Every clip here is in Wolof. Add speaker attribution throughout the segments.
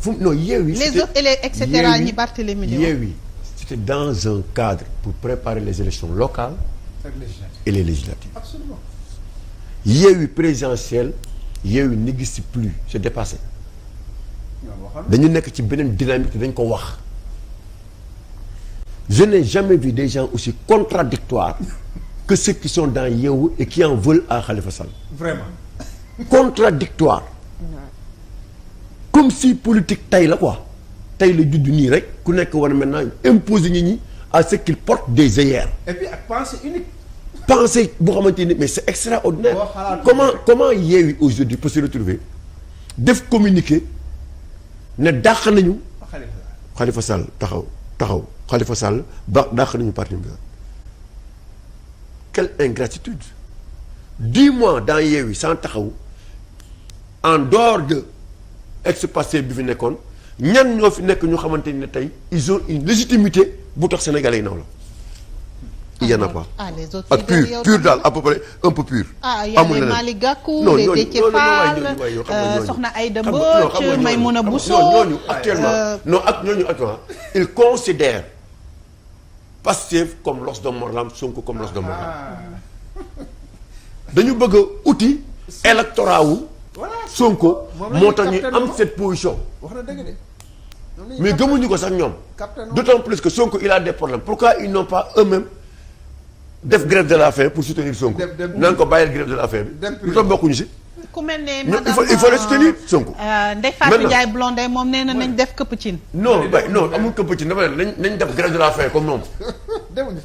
Speaker 1: fu non Yewwi les autres et cetera ñi Barthélémy Yewwi c'était dans un cadre pour préparer les élections locales et les législatives absolument Yewwi présidentielle Yewwi n'existe plus c'est dépassé dañu nekk ci beneen dynamique dañ ko wax je n'ai jamais vu des gens aussi contradictoires que ceux qui sont dans Yewwi et qui en veulent à Khalifa Sall vraiment contradictoire comme si politique tey la quoi tey la judd nii rek ku nekk war maintenant imposer nit ñi à ce qu'il des œillères. et puis ak pensée unique. pensée boo xamante ni mais c'est extraordinaire. comment comment Yewwi aujourd'hui peut se retrouver def communiqué ne dàq nañu. xalifa Sall taxaw taxaw Khalifa Sall ba dàq nañu parti bi quelle ingratitude dix mois dans Yewwi sans taxaw en dehors ex-Pastef bi fi nekkoon ñan ñoo fi nekk ñu xamante ne tey ils ont une légitimité bu tax sénégalais yi naw la. il y a ah, ak pur pur daal à un peu pur. Ah, amul leneen ah Malick Gakou non ñooñu euh, soxna Aïda Mbodj Maïmouna Bousso ñooñu actuellement euh, non ak ñooñu actuellement ils considèrent Pastef comme l'os de Mor Lam comme l'os de Mor ah. dañu bëgg a outil électorat wu Sonko moo tax ñuy am cette position. wax na dëgg de. mais gëmuñu ko sax ñoom. d'autant plus que Sonko il a des problèmes pourquoi ils n'ont pas eux-mêmes def grève de la faim pour soutenir Sonko. naan ko bàyyil grève de la faim bi. lu tax bokkuñu si. ku mel ne madame il faut le soutenir euh, Sonko. Euh, Ndeye Fatou Ndiaye Blondin moom nee na nañ def këpp cin. non bay non amul këpp cin dafa ne nañ def grève de la faim comme moom. demuñu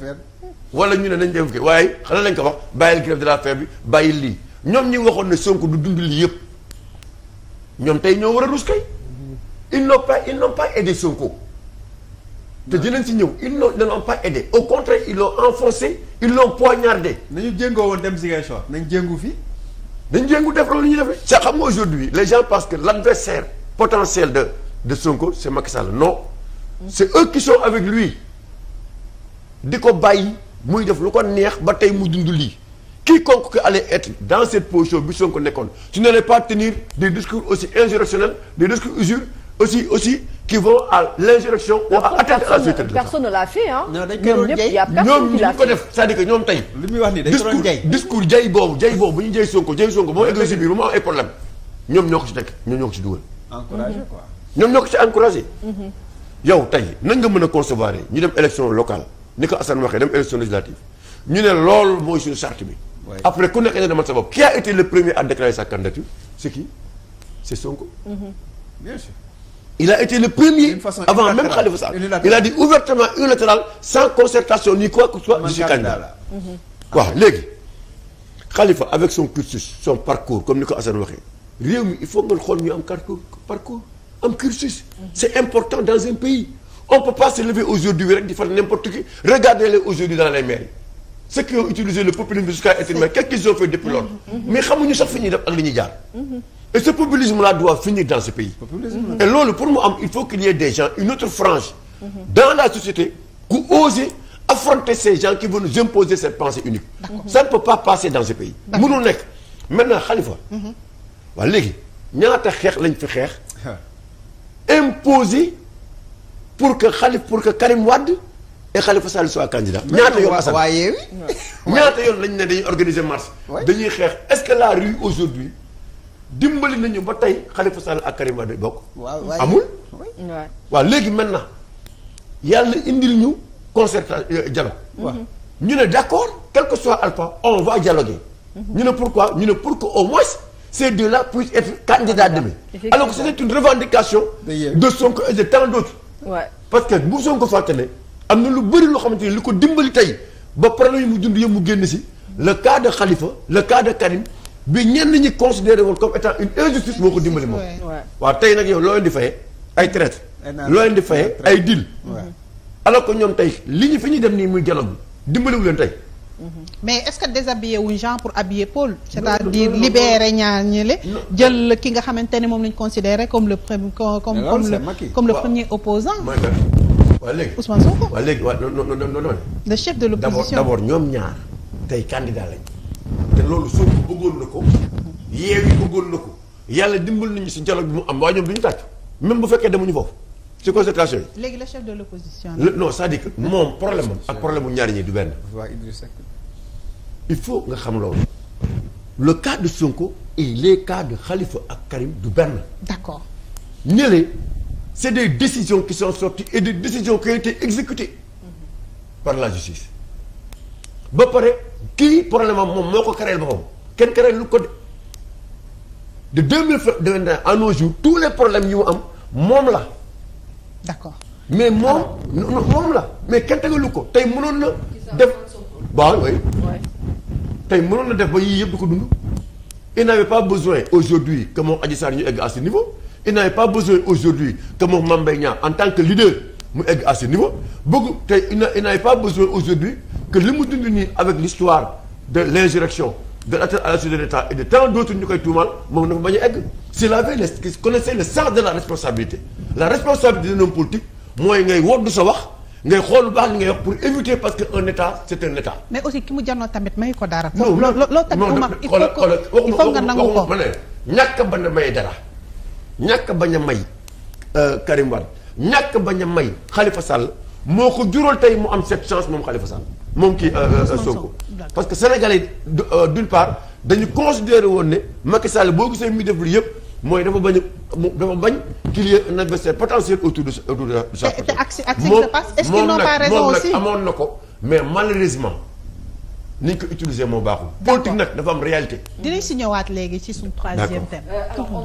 Speaker 1: wala ñu ne nañ def kii waaye xanaa lañ ko wax bàyyil grève de la bi bàyyil lii. ñoom ñi waxoon ne Sonko du dund lii yëpp ñoom tey ñoo war a rus kay ils n'ont pas ils n'ont pas aidé Sonko te dinañ si ñëw ils ne l'ont pas aidé au contraire ils l'ont enfoncé ils l'ont poignardé. nañu jéngoo woon dem Ziguinchor nañ jéngu fii. dañ jéngu def lu ñuy def ca xam nga aujourd'hui les gens pensent que l'adversaire potentiel de de Sonko c'est Macky Sall non. c'est eux qui sont avec lui di ko bàyyi muy def lu ko neex ba tey mu dund lii. quiconque qui allait être dans cette position bi Sonko nekkoon tu n'allais pas tenir des discours aussi insurrectionnels des discours usures aussi aussi qui vont à l'insurrection ou à attaquer ñoom ñëpp y a personne ñoom ñu ko def c'est-à-dire ñoom tey muy wax nii dañu doon jay discours jay boobu jay boobu bu ñu jay Sonko jay Sonko moom egg si biir bu mu am ay problème ñoom ñoo ko si teg ñoom ñoo ko si dugal encouragé quoi ñoom ñoo ko si encouragé mhm. yow tey nan nga mën a concevoir ñu dem élection locale ni ko Assane waxee dem élection législative ñu ne loolu mooy suñu bi après ku nekk dama sa bopp qui a été le premier à déclarer sa candidature c'est qui c'est Sonko. Mm-hmm. bien il a été le premier avant même Khalifa Sall il a dit ouvertement unilatéral sans concertation ni quoi que ce soit je suis candidat waaw mm-hmm. léegi Khalifa avec son cursus son parcours comme ni ko Assane waxee réew mi il faut nga xool ñu am parcours parcours am cursus mm-hmm. c'est important dans un pays on peut pas lever aujourd'hui rek di fal n'importe qui regardez aujourd'hui dans les ceux qui ont utilisé le populisme jusqu'à être maire qu'est-ce qu'ils ont fait depuis lors mais xamuñu sax fi ñuy def ak li ñuy jaar et ce populisme là doit finir dans ce pays et loolu pour mu am il faut qu'il des gens une autre frange dans la société ku oser affronter ces gens qui vont imposer cette pensée unique ça ne peut pas passer dans ce pays mënul nekk maintenant Khalifa mhm. waaw léegi ñaata xeex lañ fi xeex imposer pour que Khalifa pour que Karim Wade et Khalifa Sall soit candidat. ñaata yoon Assane waaye yeewi ñaata yoon lañ ne dañuy organiser marche. dañuy xeex est-ce que la rue aujourd'hui dimbali nañu ba tey Khalifa Sall ak Karim Wade bokk. amul. waa léegi na yàlla indi lu ñu concertation euh, dialogue. Mhm. ñu ne d'accord quel que soit Alpha on va dialoguer. Mhm. ñu ne pourquoi ñu ne pour que au moins ces deux-là puissent être candidats demain. alors que c'était une revendication. de Sonko et de tant d'autres. parce que bu Sonko fàtte ne. am na lu bëri loo xamante ni li ko dimbali tey ba problème yi mu dund yëpp mu génn si le cas xalifa Khalifa le cas de Karim bi ñenn ñi considéré woon comme étant une injustice moo ko dimbali moom. waaw tey nag yow loo leen di fayee ay traite loo leen di fayee ay deal. alors que ñoom tey li ñu fi ñu dem nii muy dialogue bi dimbaliwu leen tey. Mm-hmm. mais est-ce que déshabiller wuñ Jean pour habiller Paul. c'est-à-dire libérer ñaar ñële. jël ki nga xamante ne moom lañ considéré comme le comme comme le comme waaw léegi Ousmane Sonko. waaw léegi waaw non non non non. le chef de l'opposition d' abord ñoom ñaar tey candidat lañ te loolu Sonko bëggoon na ko Yewwi bëggoon na ko yàlla dimbal nañu si dialogue bi mu am waaye ñoom du ñu tàcc même bu fekkee demuñu foofu ci concertation yi. léegi la chef de l'opposition non c'est-à-dire que moom problème am ak problème mu ñaari ñi du benn. il faut nga xam loolu. le cas de Sonko et les cas de Khalifa ak Karim du benn. d'accord. ñële. c'est des décisions qui sont sorties et des décisions qui ont été exécutées par la justice ba pare kii problème am moom moo ko créé boppam kenn créé lu ko de deux mille vingt à nos jours tous les problèmes yu mu am moom la. d'accord mais moom. moom la mais kenn tegalu ko tey mënoon na. def waaw oui. tey mënoon na def ba yii yëpp du ko dund. il n'avait pas besoin aujourd'hui que moom Adji Sarr ñu egg à ce niveau. il n'avait pas besoin aujourd'hui que moom Mame Mbaye en tant que leader mu egg à ce niveau bëgg tey il n'avait pas besoin aujourd'hui que li mu dund nii avec l'histoire de l'insurrection de l'atteinte à la de l'État de tant d'autres ñu koy tuumaal moom dafa bañ a egg s'il avait les qui connaissait le sens de la responsabilité la responsabilité d'un homme politique mooy ngay woddu sa wax ngay xool lu baax li ngay wax pour éviter parce que un état c'est un état. mais may ko ñàkk bañ a may euh, Karim Wade ñàkk bañ a may Khalifa Sall moo ko jural tey mu am cette chance moom Khalifa Sall moom kii euh, euh, Sonko parce que sénégalais d'une part dañu considéré woon ne Macky Sall boo gisee muy def lu yëpp mooy dafa bañ dafa bañ qu'il y ait un adversaire potentiel autour de autour de chaque moom moom nag moom nag amoon na ko mais malheureusement ni ñu ko utiliser moo baaxul politique nag dafa am réalité dinañ si ñëwaat léegi ci suñu troisième thème